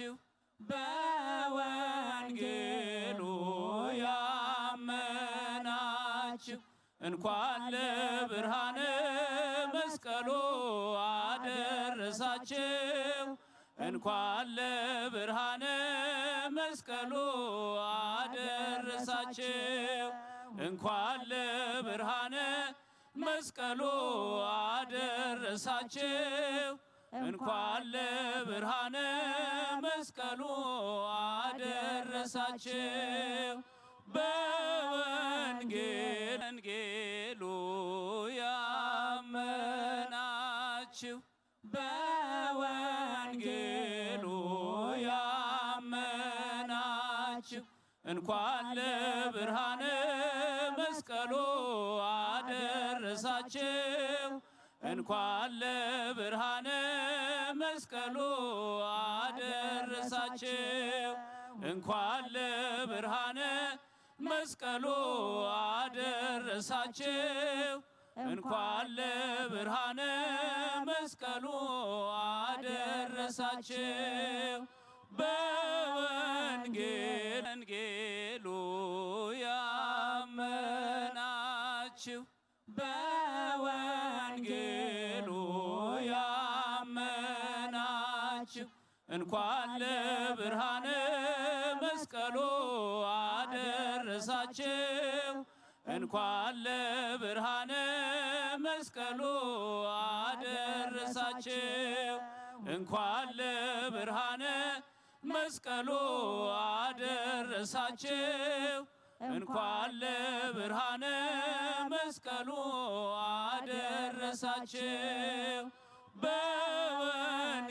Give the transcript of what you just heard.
ያላችሁ በወንጌሉ ያመናችሁ እንኳን ለብርሃነ መስቀሉ አደረሳችሁ እንኳን ለብርሃነ መስቀሉ አደረሳችሁ እንኳን ለብርሃነ መስቀሉ አደረሳችሁ እንኳን ለብርሃነ መስቀሉ አደረሳችሁ በወንጌል ወንጌሉ ያመናችሁ በወንጌሉ ያመናችሁ እንኳን ለብርሃነ መስቀሉ አደረሳችሁ እንኳን ለብርሃነ መስቀሉ አደረሳችሁ እንኳን ለብርሃነ መስቀሉ አደረሳችሁ እንኳን ለብርሃነ መስቀሉ አደረሳችሁ በወንጌል ያመናችሁ ያላችሁ እንኳን ለብርሃነ መስቀሉ አደረሳችሁ እንኳን ለብርሃነ መስቀሉ አደረሳችሁ እንኳን ለብርሃነ መስቀሉ አደረሳችሁ እንኳን ለብርሃነ መስቀሉ አደረሳችሁ